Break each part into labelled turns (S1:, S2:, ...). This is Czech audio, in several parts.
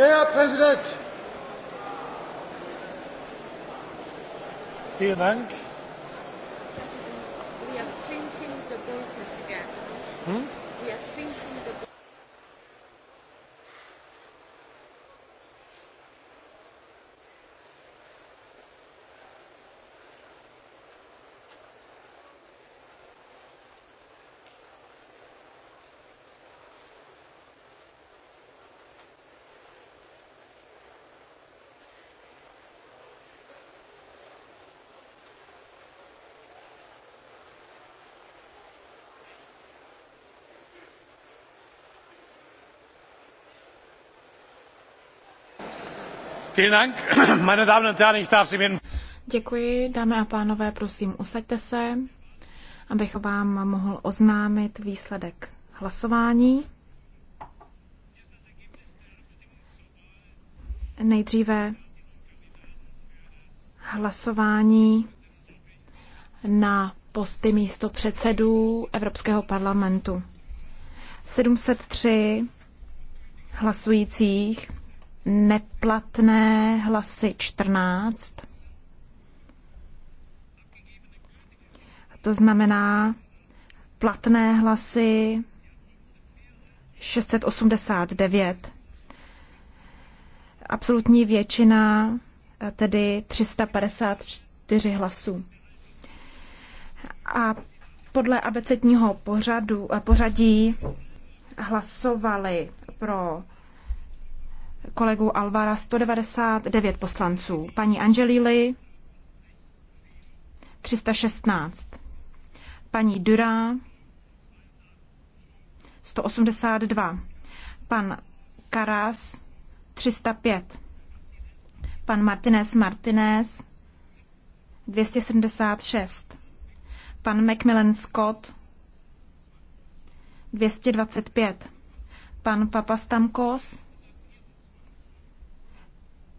S1: Der Präsident! Vielen Dank. President, we are printing the bulletins again. Hm?
S2: Děkuji, dámy a pánové, prosím, usaďte se, abych vám mohl oznámit výsledek hlasování. Nejdříve hlasování na posty místo předsedů Evropského parlamentu. 703 hlasujících neplatné hlasy 14. To znamená platné hlasy 689. Absolutní většina tedy 354 hlasů. A podle abecedního pořadu, pořadí hlasovali pro kolegů Alvara 199 poslanců, paní Angelili 316, paní Dura 182, pan Karas 305, pan Martinez Martinez 276, pan Macmillan Scott 225, pan Papastamkos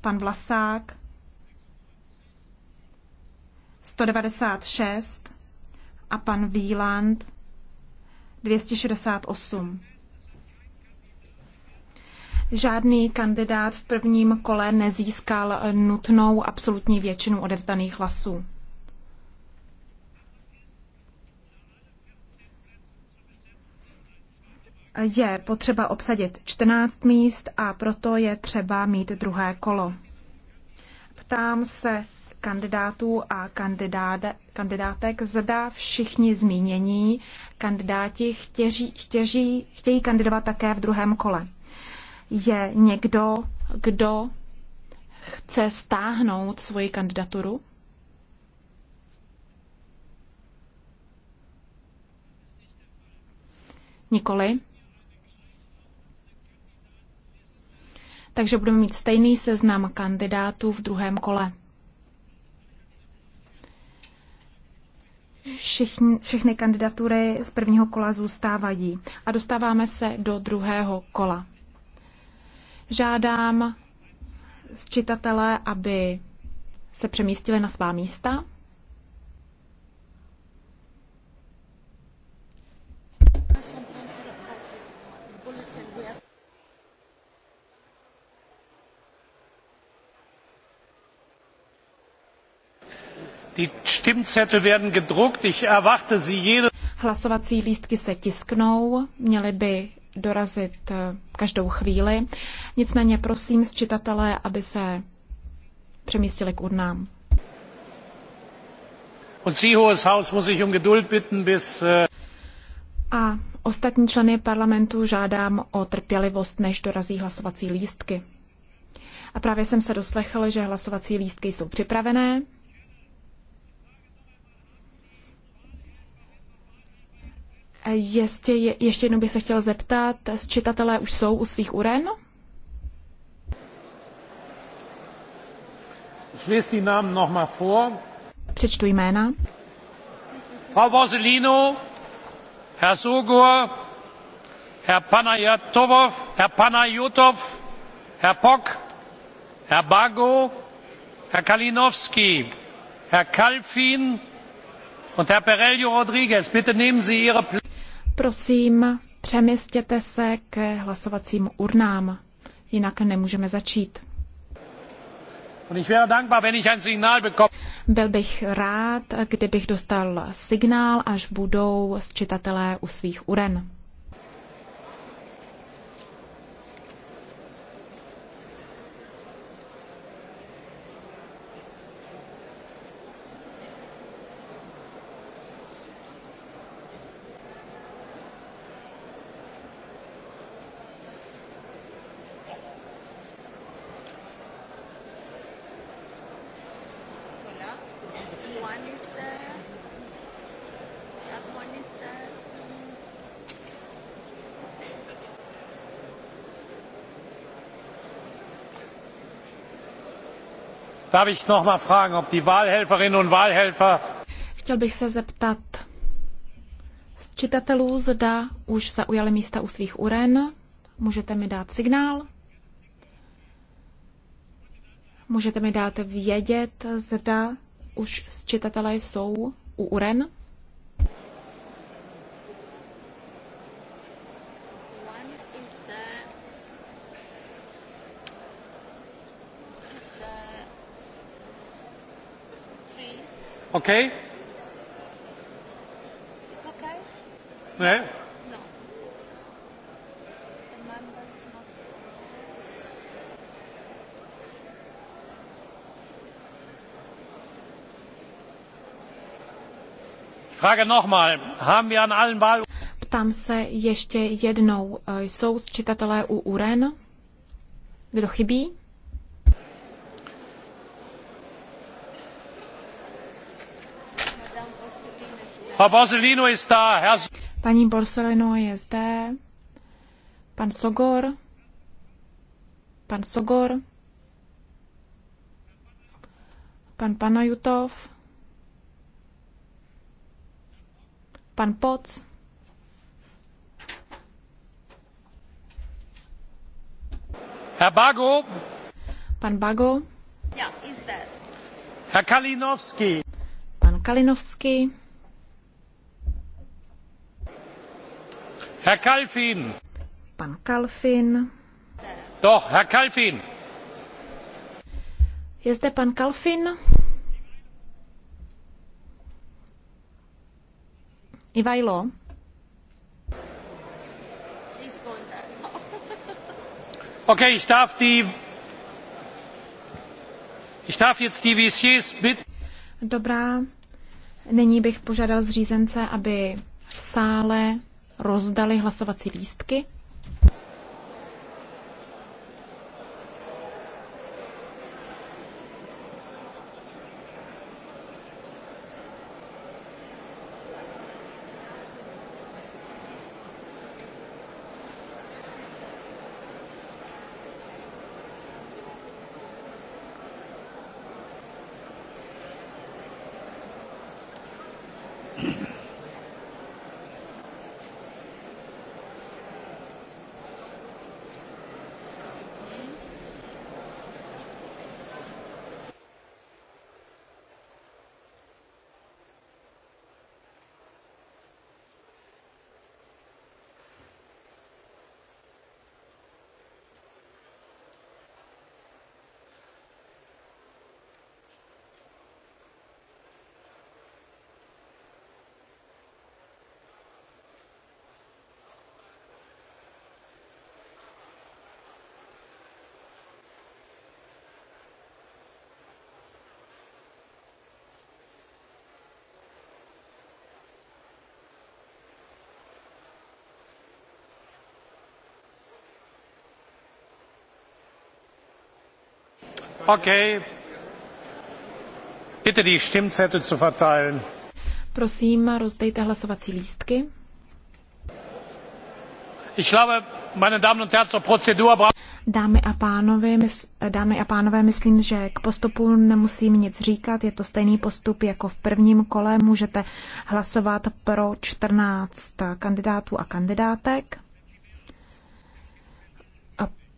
S2: pan Vlasák 196 a pan Výland 268. Žádný kandidát v prvním kole nezískal nutnou absolutní většinu odevzdaných hlasů. je potřeba obsadit 14 míst a proto je třeba mít druhé kolo. Ptám se kandidátů a kandidáde, kandidátek, zda všichni zmínění kandidáti chtěří, chtěří, chtějí kandidovat také v druhém kole. Je někdo, kdo chce stáhnout svoji kandidaturu? Nikoli. takže budeme mít stejný seznam kandidátů v druhém kole. Všichni, všechny kandidatury z prvního kola zůstávají a dostáváme se do druhého kola. Žádám z aby se přemístili na svá místa.
S1: Stimmzettel werden gedruckt. Ich erwarte sie jede... Hlasovací
S2: lístky se tisknou, měly by dorazit eh, každou chvíli. Nicméně prosím sčitatele, aby se přemístili k urnám.
S1: Und Sie, hohes Haus, muss ich um Geduld bitten, bis... Äh,
S2: A ostatní členy parlamentu žádám o trpělivost, než dorazí hlasovací lístky. A právě jsem se doslechl, že hlasovací lístky jsou připravené. Eh, Jestě, ještě jednou bych se chtěl zeptat, sčitatelé už jsou u svých uren?
S1: Lies die Namen noch mal vor. Přečtu jména. Frau Borsellino, Herr Sogor, Herr Panayotov, Herr Panayotov, Herr Pock, Herr Bago, Herr Kalinowski, Herr Kalfin und Herr Perello Rodriguez. Bitte nehmen Sie Ihre Plätze.
S2: Prosím, přeměstěte se k hlasovacím urnám, jinak nemůžeme začít. Byl bych rád, kdybych dostal signál, až budou sčitatelé u svých uren.
S1: Darf ich noch mal fragen, ob die Wahlhelferinnen und Wahlhelfer...
S2: Chtěl bych se zeptat z čitatelů, zda už zaujali místa u svých uren. Můžete mi dát signál? Můžete mi dát vědět, zda už z čitatelé jsou u uren?
S1: Okay? It's okay? Yeah. No. The members not... Frage nochmal. Haben wir an allen Wahl...
S2: Ptám se ještě jednou. Jsou sčitatelé u UREN? Kdo chybí? Paní Borsellino je zde. Pan Sogor. Pan Sogor. Pan Panajutov. Pan Poc. Herr Bago. Pan Bago. Ja, Herr Kalinowski. Pan Kalinowski.
S1: Herr Kalfin.
S2: Pan Kalfin.
S1: Doch, Herr Kalfin.
S2: Je zde pan Kalfin? Ivajlo.
S1: Ok, ich darf die ich darf jetzt die VCs bit
S2: Dobrá. Nyní bych požádal zřízence, aby v sále rozdali hlasovací lístky.
S1: Bitte die Stimmzettel zu verteilen.
S2: Prosím, rozdejte hlasovací lístky.
S1: Ich glaube, meine Damen und Herren, zur Prozedur
S2: Dámy a, pánovi, dámy a pánové, myslím, že k postupu nemusím nic říkat. Je to stejný postup jako v prvním kole. Můžete hlasovat pro 14 kandidátů a kandidátek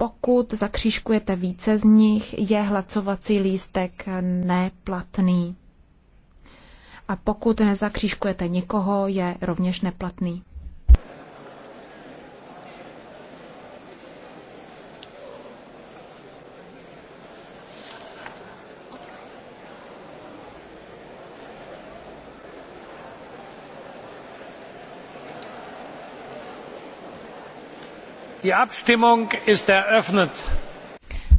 S2: pokud zakřížkujete více z nich, je hlacovací lístek neplatný. A pokud nezakřížkujete nikoho, je rovněž neplatný.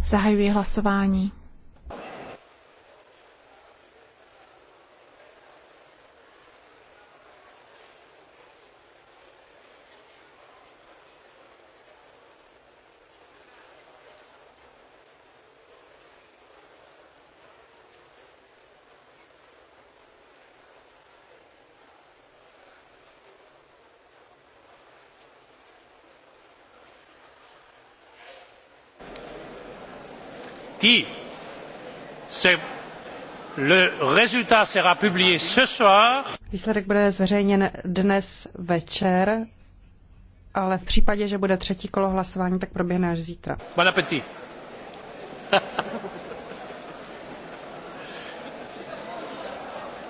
S2: Zahajuji hlasování.
S1: qui le résultat sera publié ce soir.
S2: Výsledek bude zveřejněn dnes večer, ale v případě, že bude třetí kolo hlasování, tak proběhne až zítra.
S1: Bon appétit.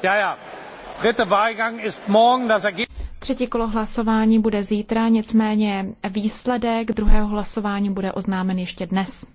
S1: ja, ja. Dritte Wahlgang ist morgen, das Ergebnis... Třetí kolo
S2: hlasování bude zítra, nicméně výsledek druhého hlasování bude oznámen ještě dnes.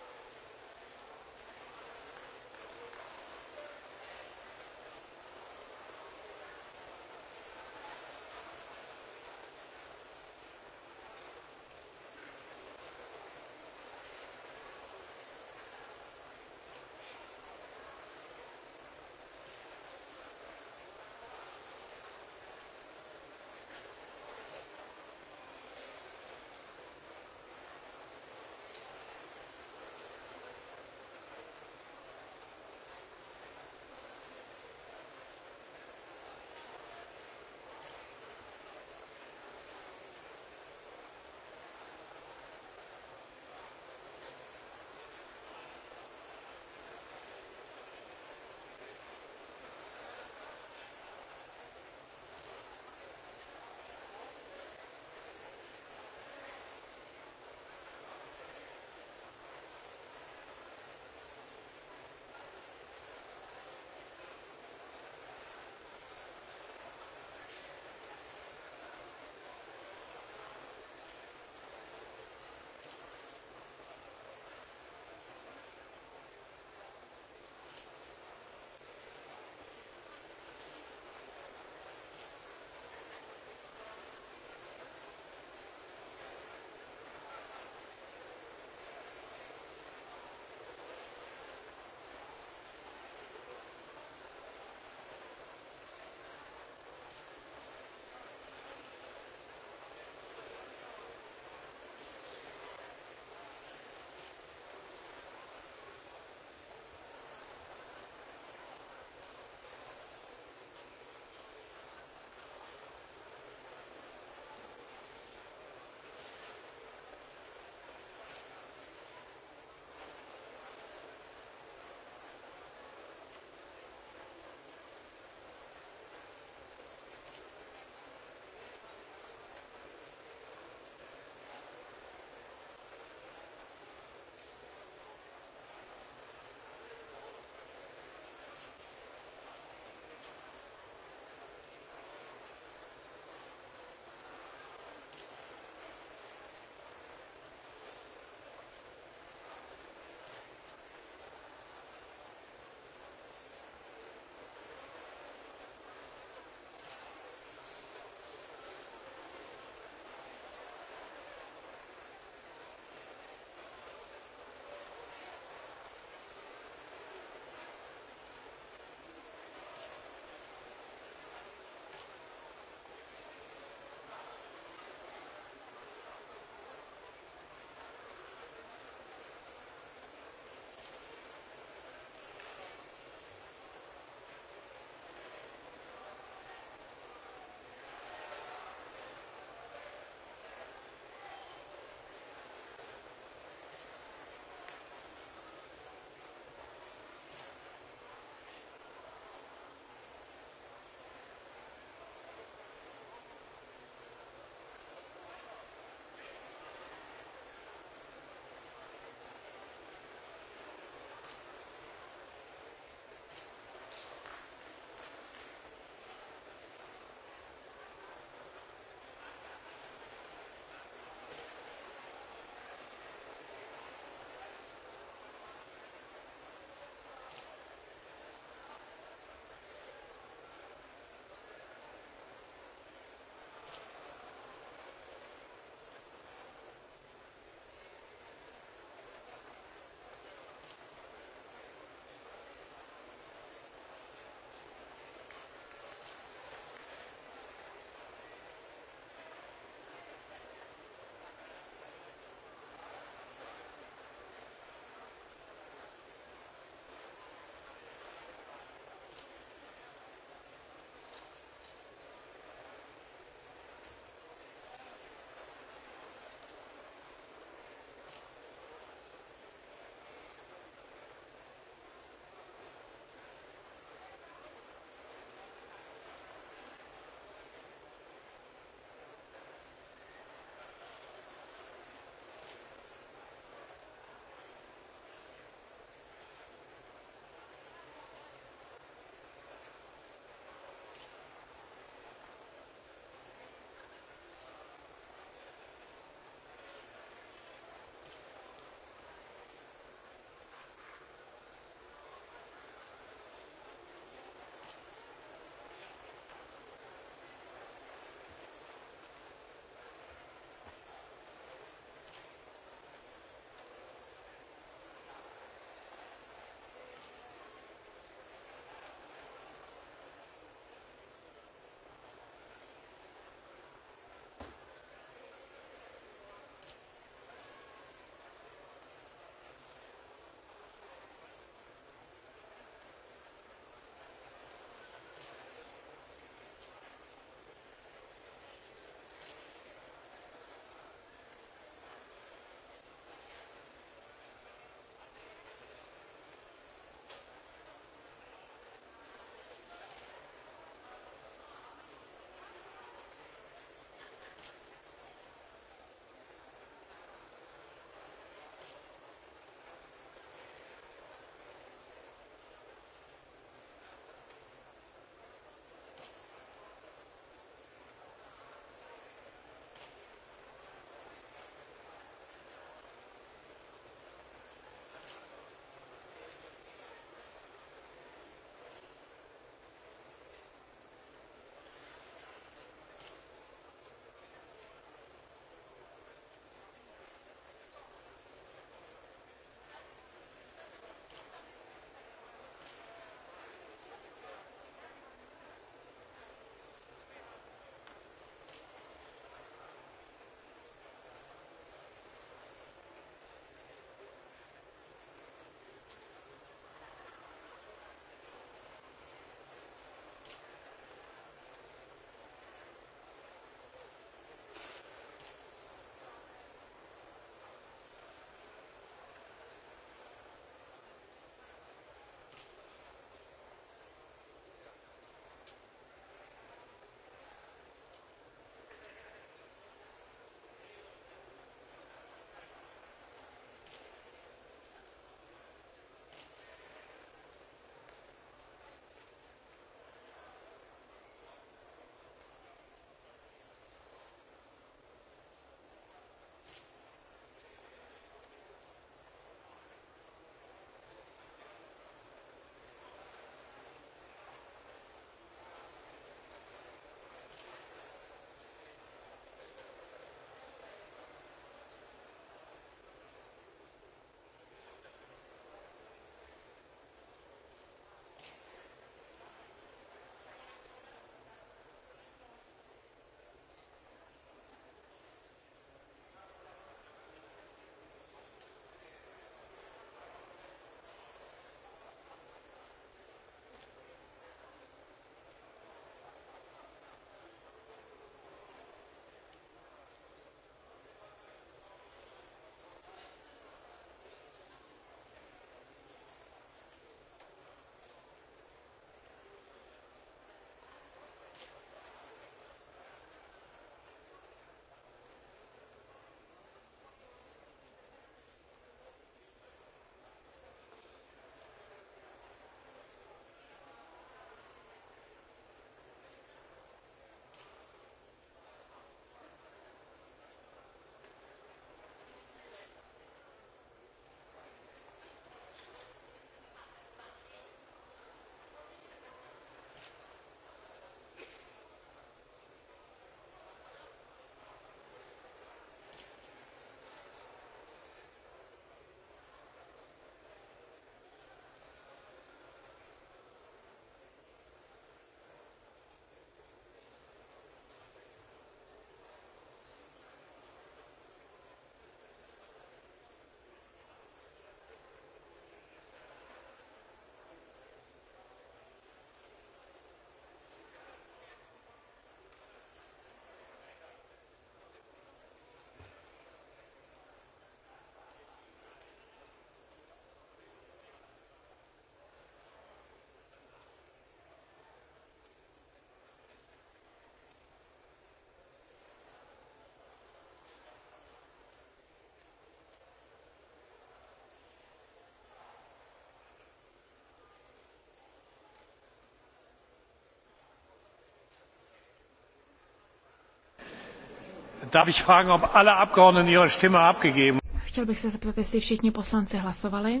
S1: Darf ich fragen, ob alle Abgeordneten ihre Stimme abgegeben
S2: Chtěl bych se zeptat, jestli všichni poslanci hlasovali.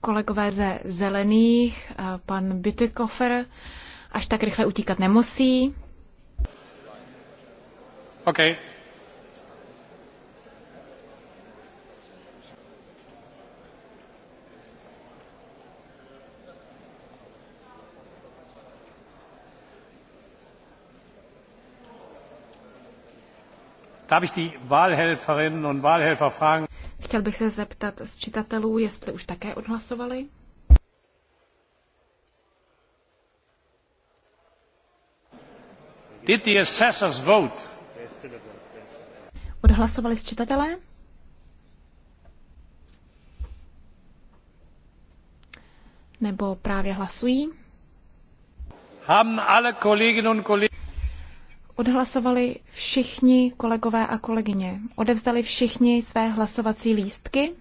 S2: Kolegové ze Zelených, eh, pan Bütekofer, až tak rychle utíkat nemusí.
S1: Okay. Chtěl bych se zeptat z
S2: čitatelů, jestli už také odhlasovali.
S1: Did the assessors vote?
S2: Odhlasovali z čitatelé? Nebo právě hlasují?
S1: Haben alle Kolleginnen und Kollegen
S2: Odhlasovali všichni kolegové a kolegyně. Odevzdali všichni své hlasovací lístky.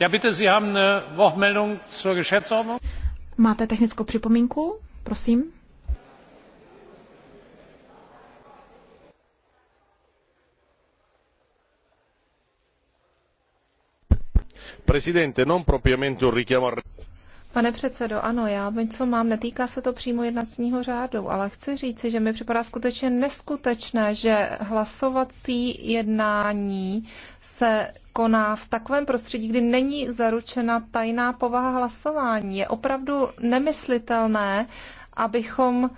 S1: Ja, bitte, Sie haben eine zur
S2: Máte technickou připomínku? Prosím.
S1: Presidente, non propriamente un richiamo al
S2: Pane předsedo, ano, já co mám, netýká se to přímo jednacního řádu, ale chci říci, že mi připadá skutečně neskutečné, že hlasovací jednání se koná v takovém prostředí, kdy není zaručena tajná povaha hlasování. Je opravdu nemyslitelné, abychom uh,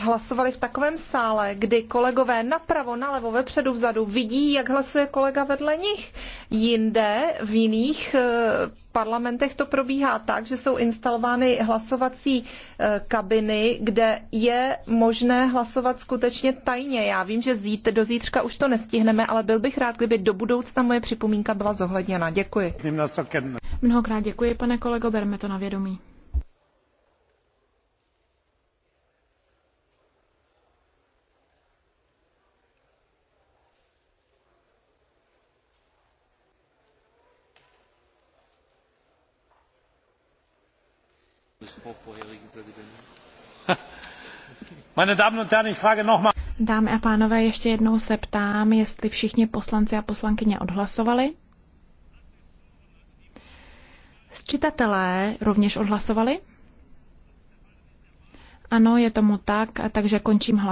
S2: hlasovali v takovém sále, kdy kolegové napravo, nalevo, vepředu, vzadu vidí, jak hlasuje kolega vedle nich. Jinde, v jiných uh, parlamentech to probíhá tak, že jsou instalovány hlasovací e, kabiny, kde je možné hlasovat skutečně tajně. Já vím, že zít, do zítřka už to nestihneme, ale byl bych rád, kdyby do budoucna moje připomínka byla zohledněna. Děkuji. Mnohokrát děkuji, pane kolego, berme to na vědomí. Dámy a pánové, ještě jednou se ptám, jestli všichni poslanci a poslankyně odhlasovali. Sčitatelé rovněž odhlasovali? Ano, je tomu tak, takže končím hlasování.